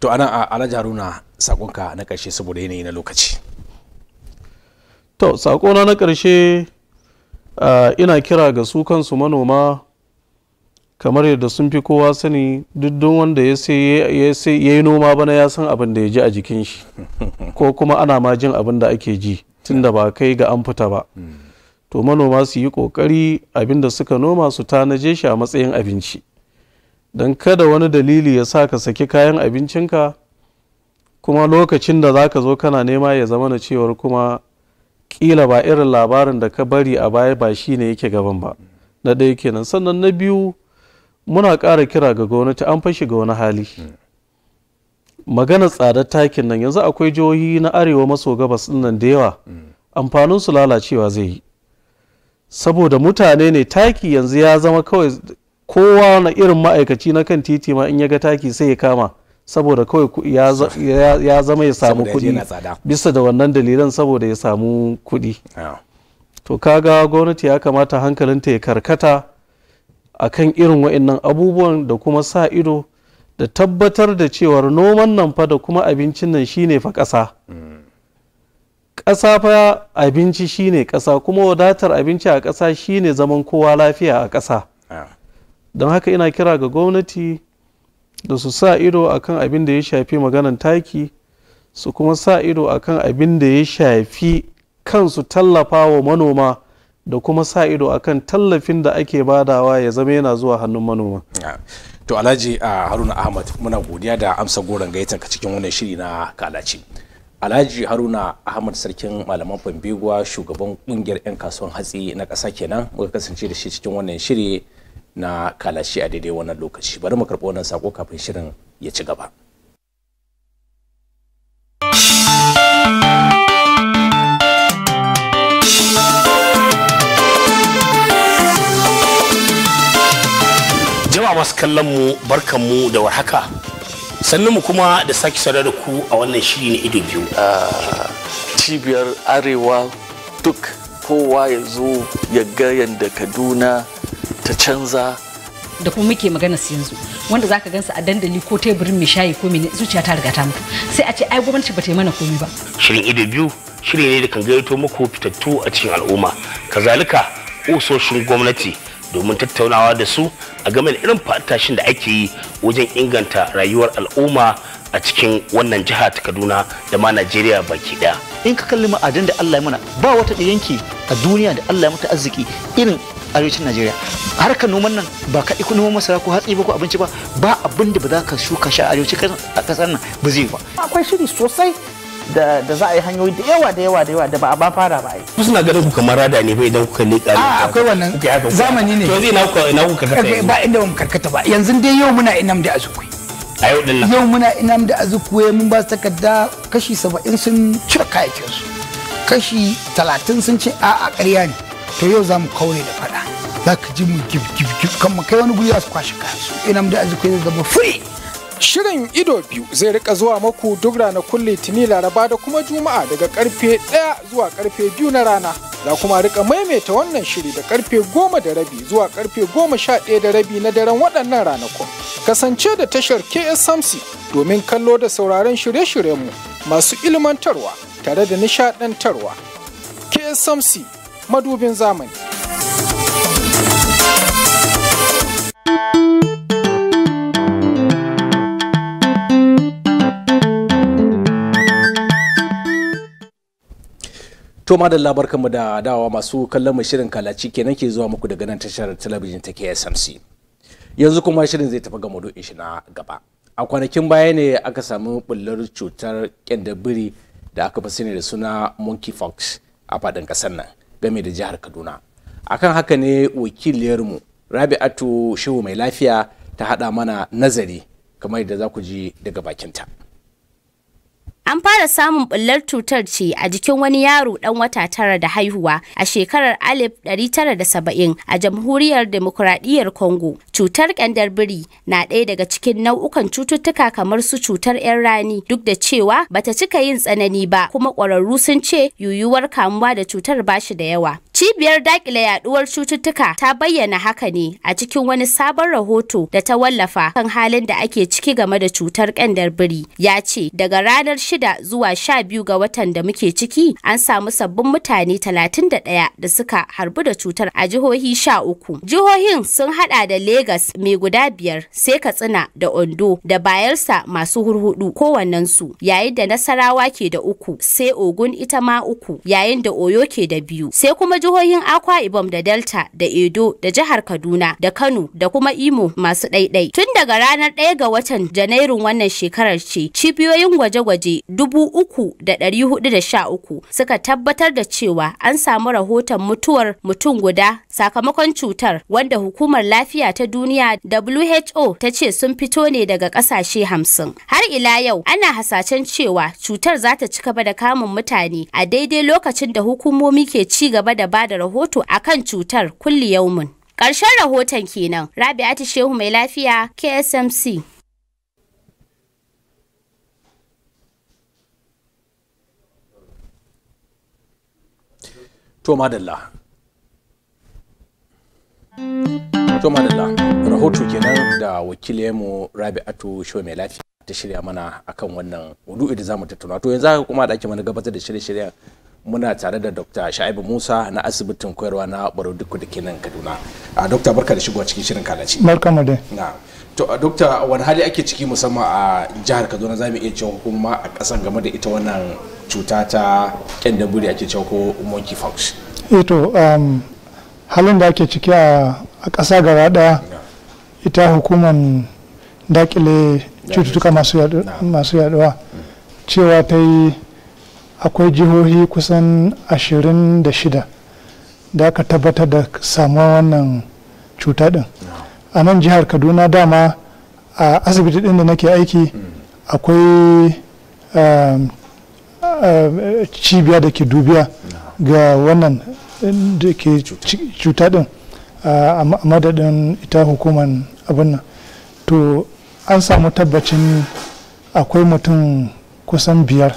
to ana alhaji haruna sakonka na karshe saboda yanayi na lokaci to sakona na karshe ina kira ga su kansu manoma kamar yadda sun fi kowa sani duk wanda ya yi noma bana ya san abin da ya ji a jikin shi (laughs) ko kuma ana ma jin abin da ake ji tunda ba kai ga an fita ba hmm. to manoma su yi kokari abin da suka noma su tanaje shi a matsayin abinci don kada wani dalili ya sa ka saki kayan abincinka kuma lokacin da za ka zo kana nema ya zama na cewar kuma kila ba irin labarin da ka bari a baya ba shi ne yake gaban ba na ɗaya kenan sannan na biyu muna ƙara kira ga gwamnati an fashe ga wani hali magana tsadar takin nan yanzu akwai jihohi na arewa maso gabas nan da yawa amfanin su lalacewa zai yi saboda mutane ne taki yanzu ya zama kawai kowa na irin ma'aikaci na kan titi ma in ya ga taki sai ya kama saboda kawai ya zama ya samu kuɗi bisa da wannan dalilan saboda ya samu kuɗi ah. to kaga gwamnati ya kamata hankalinta ya karkata a kan irin wa'annan abubuwan da kuma sa ido da tabbatar da cewar noman nan fa da kuma abincin nan shine fa ƙasa ƙasa fa abinci shine ƙasa kuma wadatar abinci a ƙasa shine zaman kowa lafiya a ƙasa don haka ina kira ga gwamnati da su sa ido akan abin da ya shafi maganan taki su kuma sa ido akan abin da ya shafi kansu tallafa wa manoma da kuma sa ido akan tallafin da ake badawa ya zama yana zuwa hannun manoma to alhaji haruna ahmad muna godiya da amsa goron gayyatar cikin wannan shiri na kalaci alhaji haruna ahmad sarkin malaman fambiguwa shugaban kungiyar 'yan kasuwan hatsi na ƙasa kenan muka kasance da shi cikin wannan shiri na kalashi a daidai wannan lokaci bari mu karɓi wannan sako kafin shirin ya ci gaba jama'a masu kallon mu barkan da warhaka sannan mu kuma da sake saurare da ku a wannan shiri na ido biyu ah, cibiyar arewa duk kowa ya zo ya ga yadda kaduna ta canza da kuma muke magana su yanzu wanda zaka gansu a dandali ko teburin mai shayi ko mene zuciya ta riga ta sai a ce ai gwamnati ba ta yi mana komai ba shirin ido biyu shiri ne da kan gayyato muku fitattu a cikin al'umma kazalika usoshin gwamnati domin tattaunawa da su a game da irin fatashin da ake yi wajen inganta rayuwar al'umma a cikin wannan jiha ta kaduna da ma najeriya baki daya in ka kalli ma'adan da allah ya mana ba wata da yanki a duniya da allah ya mata arziki irin arewacin najeriya harkar noman nan ba ka iko noman masara ko hatsi ba ko abinci ba ba abin da ba za ka shuka shi a arewacin kasar nan ba zai ba akwai shiri sosai da da za a yi hanyoyi da yawa da yawa da yawa da ba a ba fara ba ai suna ganin ku kamar rada ne ba idan kuka leƙa a akwai wannan zamani ne to zai na kuka na kuka karkata eh, ba inda mu karkata ba yanzu dai yau muna inam da azukwai. a yau din nan yau muna inam da azukwai mun ba su takarda kashi 70 sun cire kayakin su kashi 30 sun ce a'a ƙarya ne to yau za mu kaure da fada za ka ji mu gif gif gif kan mu kai wani gwiwa su kwashe kayansu ina mu da arziki zai zama free Shirin ido biyu zai rika zuwa maku duk ranakun litini laraba da kuma juma'a daga karfe 1 zuwa karfe biyu na rana. Za kuma rika maimaita wannan shiri da karfe goma da rabi zuwa karfe 11 da rabi na daren waɗannan ranakun. Kasance da tashar KSMC domin kallo da sauraron shirye-shiryenmu masu ilmantarwa tare da nishaɗantarwa. KSMC madubin zamani. To labar barkanmu da dawa masu kallon mai shirin kalaci kenan ke zuwa muku daga nan tashar talabijin ta KSMC. Yanzu kuma shirin zai tafi ga maudu'in shi na gaba. A kwanakin baya ne aka samu bullar cutar kyandabiri da aka fi sani da suna monkeypox a faɗin ƙasar nan. game da jihar kaduna a kan haka ne wakiliyarmu rabi'atu shehu mai lafiya ta haɗa mana nazari kamar yadda za ku ji daga bakinta. An fara samun bullar cutar ce a jikin wani yaro dan wata tara da haihuwa a shekarar 1970 a Jamhuriyar Demokuraɗiyyar Congo. Cutar ƙyandar biri na ɗaya daga cikin nau'ukan cututtuka kamar su cutar 'yan rani duk da cewa bata cika yin tsanani ba kuma ƙwararru sun ce yuyuwar kamuwa da cutar bashi da yawa. Cibiyar dakile yaduwar cututtuka ta bayyana haka ne a cikin wani sabon rahoto da ta wallafa kan halin da ake ciki game da cutar ƙyandar biri. Ya ce daga ranar 6 shida zuwa sha biyu ga watan da muke ciki an samu sabbin mutane talatin da ɗaya da suka harbu da cutar a jihohi sha uku. Jihohin sun hada da Legas mai guda biyar sai Katsina da Ondo da bayarsa masu hurhudu su yayin da Nasarawa ke da uku sai Ogun ita ma uku yayin da Oyo ke da biyu sai kuma jihohin Akwa Ibom da Delta da Edo da jihar Kaduna da Kano da kuma Imo masu ɗaiɗai. Tun daga ranar ɗaya ga watan Janairun wannan shekarar ce cibiyoyin gwaje-gwaje 3,413 suka tabbatar da cewa an samu rahoton mutuwar mutum guda sakamakon cutar wanda hukumar lafiya ta duniya WHO ta ce sun fito ne daga kasashe hamsin. Har ila yau ana hasashen cewa cutar za ta ci gaba da kamun mutane a daidai lokacin da hukumomi ke ci gaba da ba da rahoto akan cutar kulli yaumin. Ƙarshen rahoton kenan, Rabi'atu Shehu mai lafiya KSMC. to madalla to madalla rahoto kenan da wakilinmu rabi'atu show mai lafiya ta shirya mana akan wannan wudu'i da zamu tattauna to yanzu haka kuma da ake mana gabatar da shirye-shiryen muna tare da dr sha'ibu musa na asibitin koyarwa na baro duku da ke nan kaduna a ah, dokta barka da shigowa cikin shirin kalaci barka mu na to ah, dokta wani hali ake ciki musamman a jihar kaduna zamu iya cewa hukuma a kasan game da ita wannan cuta ta kyandaburi ake cewa ko monkey fox ito eh um, halin da ake ciki a ƙasa gaba ita hukumar dakile cututtuka masu yaduwa mm. cewa ta yi akwai jihohi kusan 26 da aka tabbatar da samuwa wannan cuta din a nan jihar kaduna dama a asibiti ɗin da nake aiki mm. akwai um, cibiya da ke dubiya ga wannan eh, da ke cuta din eh, a madadin ita hukuman abin nan to an samu tabbacin akwai mutum kusan biyar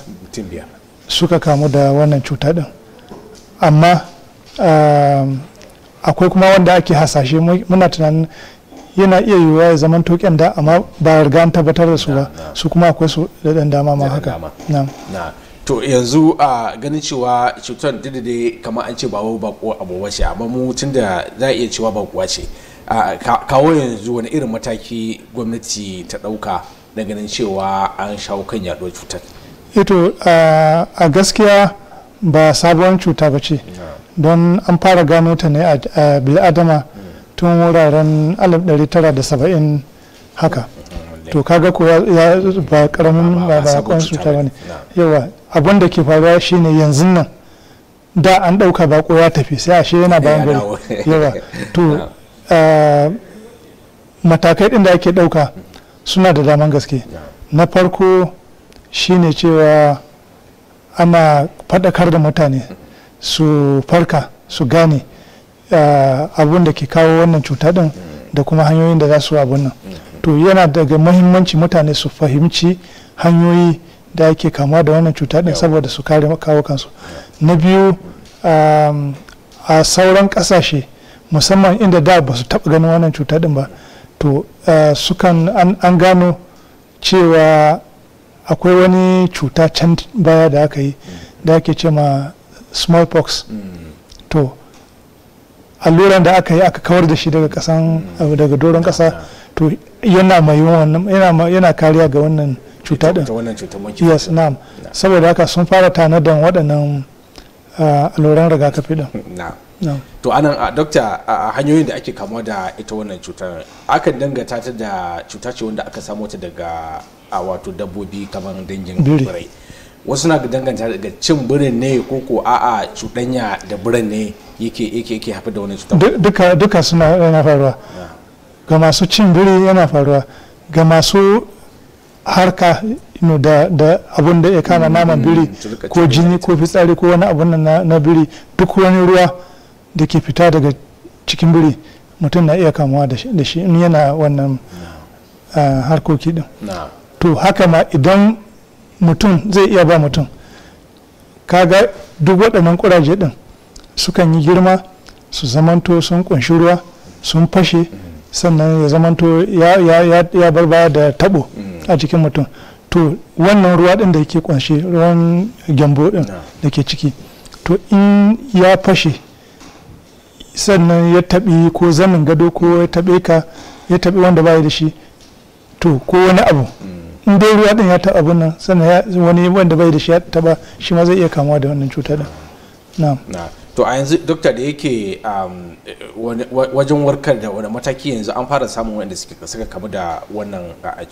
suka kamu da wannan cuta din amma eh, akwai kuma wanda ake hasashe muna tunanin yana iya yiwuwa ya zaman token da amma ba riga an tabbatar da su ba su kuma akwai su da dama ma haka to yanzu a ganin cewa cutar didide kama an ce ba bako abu ce amma mu tun da za a iya cewa bakuwa ce kawo yanzu wani irin mataki gwamnati ta ɗauka na ganin cewa an shawo kan yaɗuwar cutar ito eh a gaskiya ba sabuwar cuta ba ce don an fara gano ta ne a bil'adama tun wuraren 1970 haka mm, to kaga ko ya ba karamin ba ba cuta ba ne yawa abin da ke faruwa shine yanzu nan da an ɗauka bako ya tafi sai ashe yana bayan gari (laughs) yawa to (laughs) matakai ɗin da ake ɗauka suna da daman gaske na farko shine cewa ana faɗakar da mutane su farka su gane abin da ke kawo wannan cuta ɗin da kuma hanyoyin da za su abin nan mm. to yana daga muhimmanci mutane su fahimci hanyoyi da ake kamuwa da wannan cuta din saboda su kare kawo kansu na biyu um, a sauran kasashe musamman inda da ba su taɓa ganin wannan cuta din ba to eh, sukan an gano cewa akwai wani cuta can baya da aka yi da ake ce ma smallpox to alluran da aka yi aka kawar da shi daga kasan daga doron kasa to yana mai yana kariya ga wannan cuta din yes na'am saboda haka sun fara tanadan waɗannan ah, alluran rigakafi din (laughs) to anan dokta hanyoyin da ake kamuwa da ita wannan cutar akan dangata ta da cuta ce wanda aka samo ta daga a wato dabbobi kamar dangin birai wasu na danganta daga cin birin ne ko ko a'a cuɗanya da birin ne yake yake yake haifar da wani cutar duka duka suna yana faruwa ga masu cin biri yana faruwa ga masu harka inu da da abun da ya kama mm-hmm. naman biri ko jini ko fitsari ko wani abun na, biri duk wani ruwa da ke fita daga cikin biri mutum na iya kamuwa da shi in yana wannan ah, harkoki din to haka ma idan mutum zai iya ba mutum kaga duk waɗannan ƙuraje din sukan yi girma su zamanto sun ƙunshi ruwa sun fashe mm-hmm. sannan ya zamanto ya, bar baya da taɓo. Mm-hmm. a jikin mutum to wannan ruwa din da yake kwanshe ruwan gyambo din da ke ciki to in ya fashe sannan ya taɓi ko zanin gado ko ya taɓe ka ya taɓi wanda baya da shi to ko wani abu mm. in dai ruwa din ya taɓa abun nan sannan wani wanda bai da shi ya taɓa shi ma zai iya kamuwa da wannan cuta din na'am to a yanzu dokta da yake um, wajen warkar da wani mataki yanzu an fara samun wanda suka kamu da wannan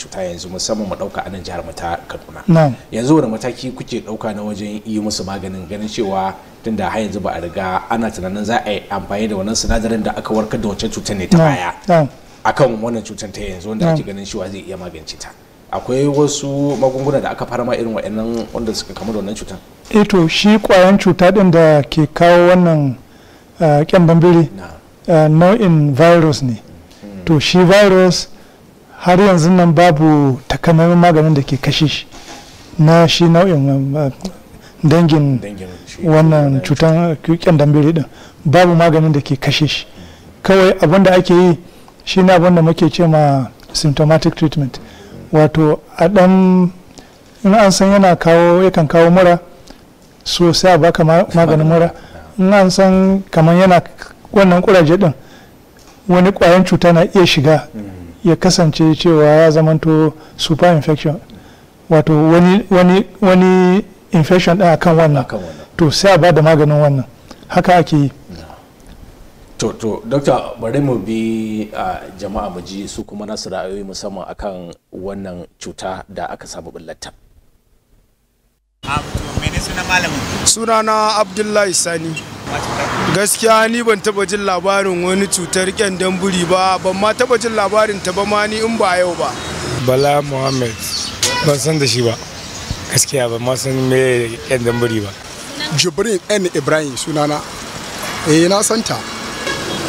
cuta yanzu musamman mu dauka anan jihar mu ta Kaduna yanzu wani mataki kuke dauka na wajen yi musu maganin ganin cewa tunda har yanzu ba a riga ana tunanin za a yi amfani da wannan sinadarin da aka warkar da wancan cutar ne ta baya akan wannan cutar ta yanzu wanda ake ganin cewa zai iya magance ta akwai wasu magunguna da aka fara ma irin wa'annan wanda suka kamu da wannan cutar eh to shi kwayan cuta din da ke kawo wannan kyan ah, bambiri ah, nau'in virus ne hmm. to shi virus har yanzu nan babu takamaiman maganin da ke kashe shi na shi nau'in ah, dangin wannan cutan kyan bambiri din babu maganin da ke kashe shi hmm. kawai abin da ake yi shi ne abin da muke ce ma symptomatic treatment wato a ɗan in an san yana kawo yakan kawo mura so sai a baka maganin mura in an san kamar yana wannan kuraje din wani kwayan cuta na iya shiga ya kasance cewa ya zamanto super infection wato wani wani wani infection din akan wannan to sai a ba da maganin wannan haka ake yi to to dokta bari mu bi a jama'a mu ji su kuma nasu ra'ayoyi musamman akan wannan cuta da aka samu bullata sunana abdullahi sani gaskiya ni ban taba jin labarin wani cutar kyan buri ba ban ma taba jin labarin ta ba ma ni in ba yau ba bala muhammad ban san da shi ba gaskiya ban ma san me kyan buri ba jibrin n ibrahim sunana eh na santa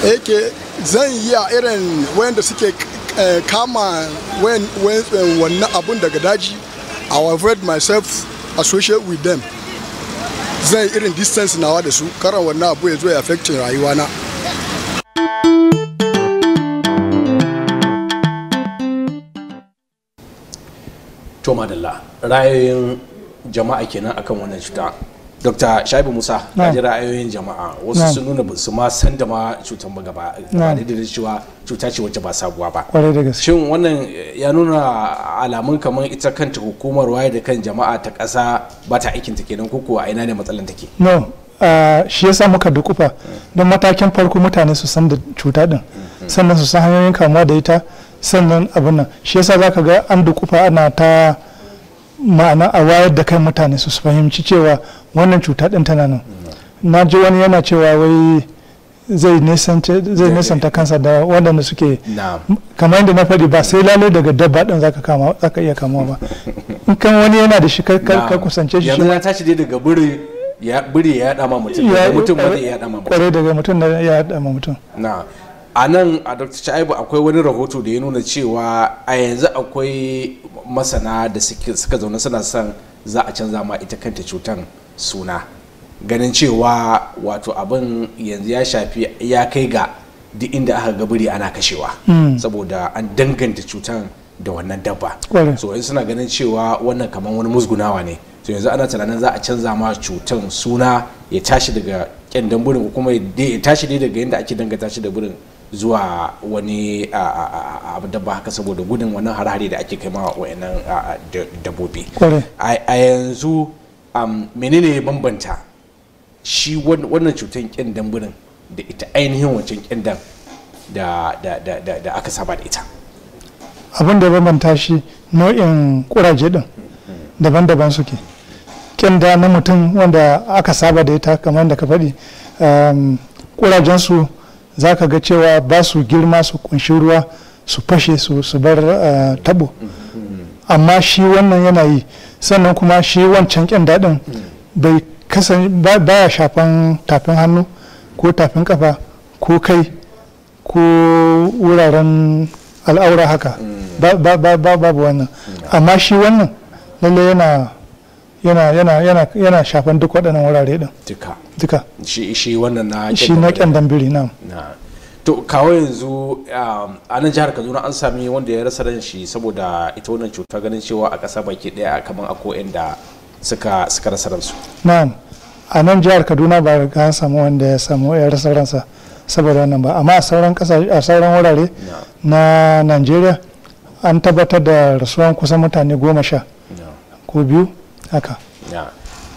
yake zan yi a irin wayanda suke eh, kama eh, wannan abun daga daji i avoid myself associate with them zan irin distance nawa da su karan wannan abu ya zo ya affecting na. to madalla rayoyin jama'a kenan akan wannan cuta dr shaibu musa na ji ra'ayoyin jama'a wasu sun nuna su ma san da ma cutar ba gaba da cewa cuta ce wacce ba sabuwa ba shin wannan ya nuna alamun kamar ita kanta hukumar waye da kan jama'a ta ƙasa ba ta aikin ta kenan koko a ina ne matsalan take no shi yasa muka dukufa hmm. don matakin farko mutane su san da cuta din hmm. sannan su san hanyoyin kamuwa da ita sannan abin nan shi yasa zaka ga an dukufa ana ta ma'ana a wayar da kai mutane su fahimci cewa wannan cuta din tana nan na ji wani yana cewa wai zai nisanta kansa da waɗanda suke kamar yadda na faɗi ba sai lalai daga dabba ɗin za ka iya kama ba in kan wani yana da shi ka kusance shi yanzu ya tashi dai daga biri ya biri ya dama mutum daga mutum ya dama mutum kwarai daga mutum ya dama mutum a nan a dr shaibu akwai wani rahoto da ya nuna cewa a yanzu akwai masana da suka zaune suna son za a canza ma ita kanta cutar suna ganin cewa wato abin yanzu ya shafi ya kai ga duk inda aka gabiri ana kashewa hmm. saboda an danganta cutar da wannan dabba so yanzu suna ganin cewa wannan kamar wani musgunawa ne so yanzu ana tunanin za a canza ma cutar suna ya tashi daga kyan damburin kuma ya tashi dai daga yadda ake danganta shi da burin zuwa wani abu da ba haka saboda gudun wani harare da ake kaima wayannan dabbobi a yanzu menene bambanta shi wannan cutar kyan birnin da ita ainihin wancan kyan da aka saba da ita abin da bambanta shi nau'in kuraje din daban-daban suke kyanda na mutum wanda aka saba da ita kamar da ka faɗi kurajensu za ka ga cewa ba su girma su kunshi ruwa su fashe su su bar eh, tabo amma shi wannan yana yi sannan kuma shi wancan kyan daɗin bai kasan ya shafan tafin hannu ko tafin kafa ko kai ko wuraren al'aura haka babu wannan amma shi wannan lallai yana yana yana yana yana shafan duk waɗannan wurare din duka duka shi shi wannan na shi na kyandan biri na to kawo yanzu um, a nan jihar kaduna an sami wanda ya rasa ran shi saboda ita wannan cuta ganin cewa a ƙasa baki ɗaya kamar a ko'in da suka suka rasa ransu na a nan jihar kaduna ba ga an samu wanda ya samu ya rasa ransa saboda wannan ba amma a sauran a sauran wurare na najeriya an tabbatar da rasuwan kusan mutane goma sha ko biyu haka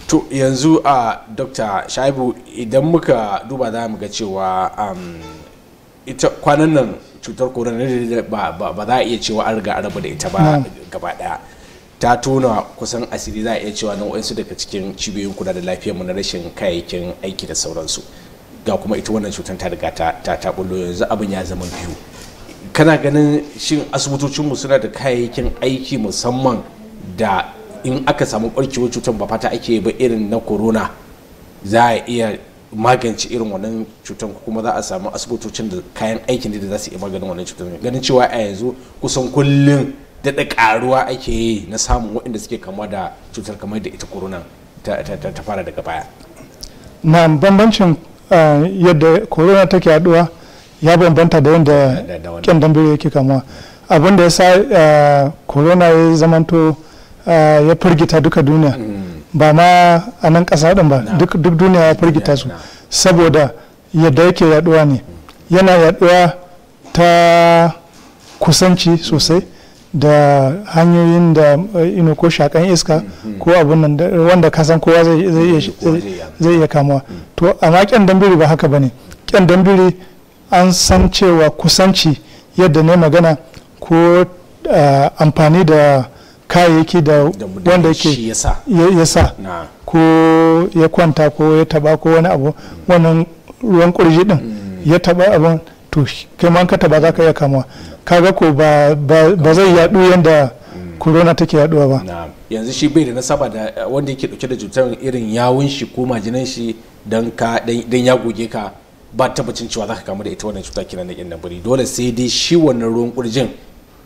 to yanzu a dr shaibu idan muka duba za mu ga cewa um, ita kwanan nan cutar corona ba za a iya cewa an riga araba da ita ba gaba daya ta tona kusan asiri za a iya cewa na waɗansu daga cikin cibiyoyin kula da lafiyarmu na rashin kayayyakin aiki da sauransu ga kuma ita wannan cutar ta riga ta ta bullo yanzu abin ya zama biyu kana ganin shin asibitocinmu suna da kayayyakin aiki musamman da in aka samu barkewar cutar ba fata ake ba irin na corona za a iya magance irin wannan cutar kuma za a samu asibitocin da kayan aikin da za su iya maganin wannan cutar ganin cewa a yanzu kusan kullum daɗa ƙaruwa ake yi na samun waɗanda suke kama da cutar kamar da ita corona ta fara daga baya na bambancin eh, yadda corona take haɗuwa ya bambanta da yadda kyan dambe yake kamuwa abin da ya sa eh, corona ya zamanto ya firgita duka duniya ba ma a nan kasa ɗin ba duk duniya ya firgita su saboda yadda yake yaduwa ne yana yaduwa ta kusanci sosai da hanyoyin da eh, ino ko shakan iska mm-hmm. ko abun nan wanda kasan kowa zai iya kamuwa mm. to amma kyan dambiri ba haka bane kyan dambiri an san cewa kusanci yadda ne magana ko eh, amfani da kayayyaki da wanda yake ya sa ko ya kwanta ko ya taba ko wani abu wannan ruwan kurji din mm. ya taba abin to kai ma ka taba za ka iya kamuwa kaga ko ba zai yadu yadda mm. corona take yaɗuwa ba yanzu shi bai da nasaba da eh, wanda yake dauke da cutar irin yawun shi ko majinan shi dan ka dan ya goge ka ba tabbacin cewa za ka kamu da ita wannan cuta kenan da nan bari dole sai dai shi wannan ruwan kurjin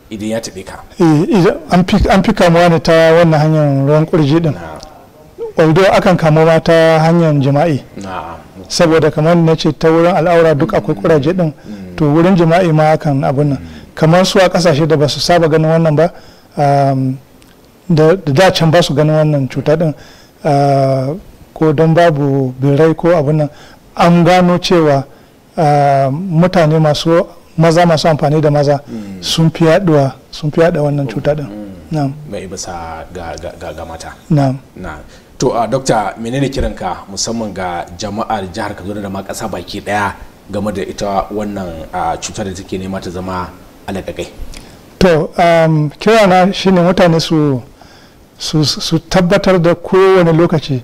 idan ya taɓe ka eh, eh, an fi kamuwa ne ta wannan hanyar ruwan kurji din waldo akan kamo ma ta hanyar jima'i saboda kamar na ce ta wurin al'aura duk akwai mm. kuraje din mm. to wurin jima'i ma akan abun nan mm. kamar su a kasashe da ba su saba ganin wannan ba da da can ba su ganin wannan cuta ɗin ko don babu birrai ko abun nan an gano cewa mutane masu maza masu amfani da maza mm. sun fi yaduwa sun fi wannan cuta din mm. na'am mai bisa ga mata na'am to a dokta menene kiranka musamman ga jama'ar jihar Kaduna da ma kasa baki daya game da ita wannan cutar da take nema ta zama alaƙaƙai to um, na shi shine mutane su tabbatar da kowane lokaci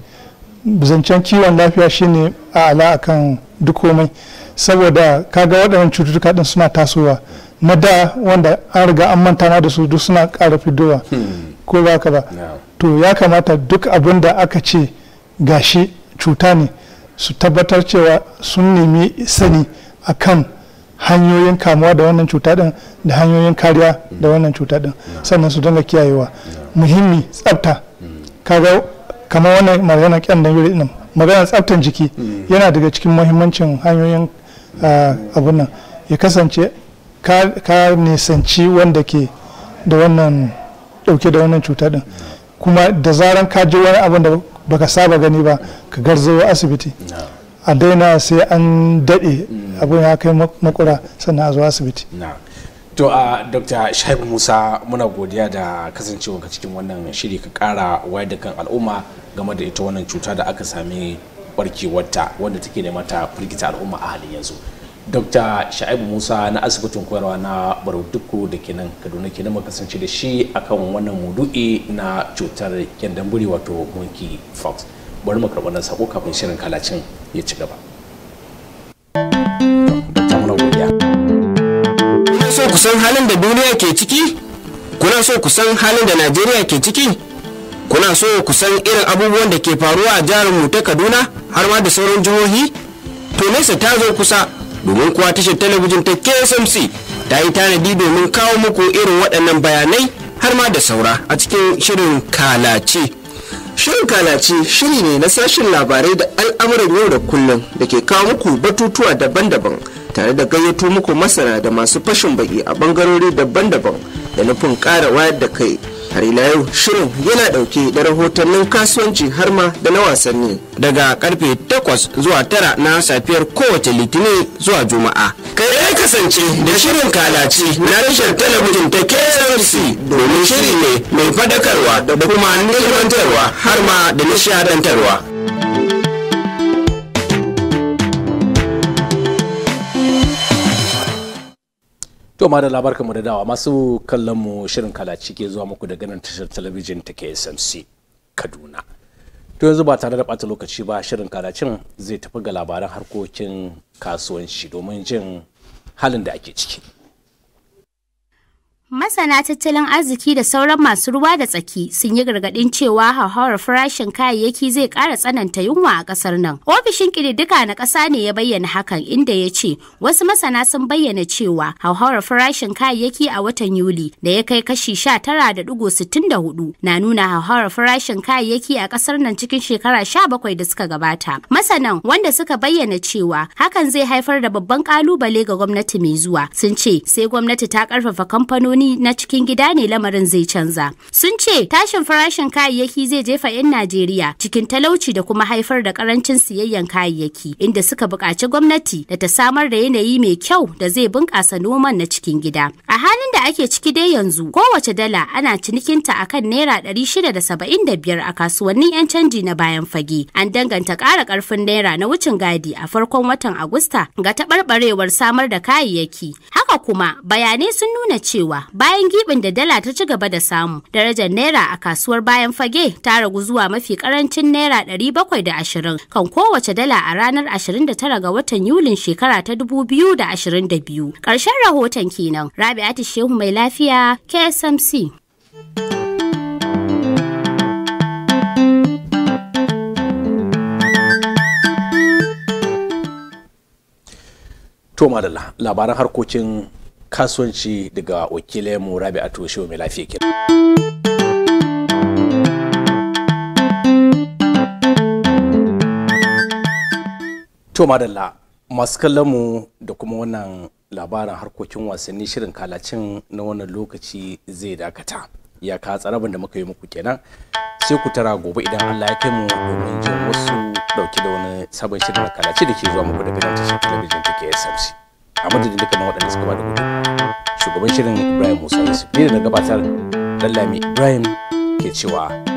zancen kiwon lafiya shine a ala akan duk komai saboda kaga waɗannan cututtuka ɗin suna tasowa na da wanda an riga an manta na da su duk suna ƙara fidowa hmm. ko ba ka ba to ya kamata duk abin da aka ce gashi cuta ne su tabbatar cewa sun nemi sani a kan hanyoyin kamuwa da wannan cuta ɗin da hanyoyin kariya da wannan cuta ɗin hmm. sannan su dinga kiyayewa muhimmi tsafta hmm. kaga kamar wannan maganar kyan da magana tsaftan jiki yana daga cikin muhimmancin hanyoyin abin nan ya kasance ka nisanci wanda ke da wannan dauke da wannan cuta din kuma da zaran ka ji wani abin da baka saba gani ba ka garzawo asibiti a daina sai an daɗe abin ya kai makura sannan a zuwa asibiti to a dr shaibu musa muna godiya da kasancewa cikin wannan shiri ka kara wayar da kan al'umma game da ita wannan cuta da aka sami barkewarta wanda take nema mata firgita al'umma a halin yanzu dr sha'ibu musa na asibitin koyarwa na barautuku da ke nan kaduna kenan muka kasance da shi akan wannan mudu'i na cutar kyandan buri wato monkey fox bari mu karɓi sako kafin shirin kalacin ya ci gaba kuna so ku san halin da duniya ke ciki kuna so kusan halin da najeriya ke ciki kuna so ku san irin abubuwan da ke faruwa a jihar mu ta kaduna har ma da sauran jihohi to nesa ta zo kusa domin kuwa tashar talabijin ta ksmc ta yi tanadi domin kawo muku irin waɗannan bayanai har ma da saura a cikin shirin kalace shirin kalace shiri ne na sashin labarai da al'amuran yau da kullum da ke kawo muku batutuwa daban-daban tare da gayyato muku masana da masu fashin baki a bangarori daban-daban da nufin ƙara wayar da kai har ila yau shirin yana ɗauke da rahotannin kasuwanci har ma da na wasanni daga karfe 8 zuwa 9 na safiyar kowace litinin zuwa juma'a kai ya kasance da shirin kalaci na tashar talabijin ta KLC domin shiri ne mai fadakarwa da kuma ilmantarwa har ma da nishadantarwa To ma da labarkanmu da dawa masu kallon mu shirin kalaci ke zuwa muku da ganin tashar talabijin ta KSMC Kaduna. To yanzu ba tare da bata lokaci ba shirin kalacin zai tafi ga labaran harkokin kasuwanci domin jin halin da ake ciki. Masana tattalin arziki da sauran masu ruwa da tsaki sun yi gargaɗin cewa hauhawar farashin kayayyaki zai ƙara tsananta yunwa a ƙasar nan. Ofishin ƙididdika na ƙasa ne ya bayyana hakan inda ya ce wasu masana sun bayyana cewa hauhawar farashin kayayyaki a watan Yuli da ya kai kashi sha tara da hudu na nuna hauhawar farashin kayayyaki a ƙasar nan cikin shekara sha bakwai da suka gabata. Masanan wanda suka bayyana cewa hakan zai haifar da babban ƙalubale ga gwamnati mai zuwa sun ce sai gwamnati ta ƙarfafa kamfanoni fannoni na cikin gida ne lamarin zai canza. Sun ce tashin farashin kayayyaki zai jefa 'yan Najeriya cikin talauci da kuma haifar da karancin siyayyan kayayyaki inda suka buƙaci gwamnati da ta samar da yanayi mai kyau da zai bunƙasa noman na cikin gida. A halin da ake ciki dai yanzu kowace dala ana cinikinta a kan naira 675 a kasuwannin 'yan canji na bayan fage. An danganta ƙara ƙarfin naira na wucin gadi a farkon watan Agusta ga taɓarɓarewar samar da kayayyaki. Haka kuma bayanai sun nuna cewa bayan gibin da dala ta ci gaba da samu, darajar naira a kasuwar bayan fage ta ragu zuwa mafi karancin naira ɗari bakwai da ashirin. kan kowace dala a ranar ashirin da tara ga watan Yulin shekara ta da da ashirin biyu. Ƙarshen rahoton kenan. Rabi'atu Shehu mai lafiya KSMC. To madalla labaran harkokin kasuwanci daga wakilai mu rabi a toshe mai lafiya kenan. to madalla masu kallon mu da kuma wannan labarin harkokin wasanni shirin kalacin na wannan lokaci zai dakata ya ka tsaraban da muka yi muku kenan sai ku tara gobe idan Allah ya kai mu domin jin wasu dauki da wani sabon shirin kalaci da ke zuwa muku da gidan tashar talabijin ta ke SMC. a madadin dukkanin waɗanda suka bada gudu shugaban shirin ibrahim musa yusuf ne da na gabatar dallami ibrahim ke cewa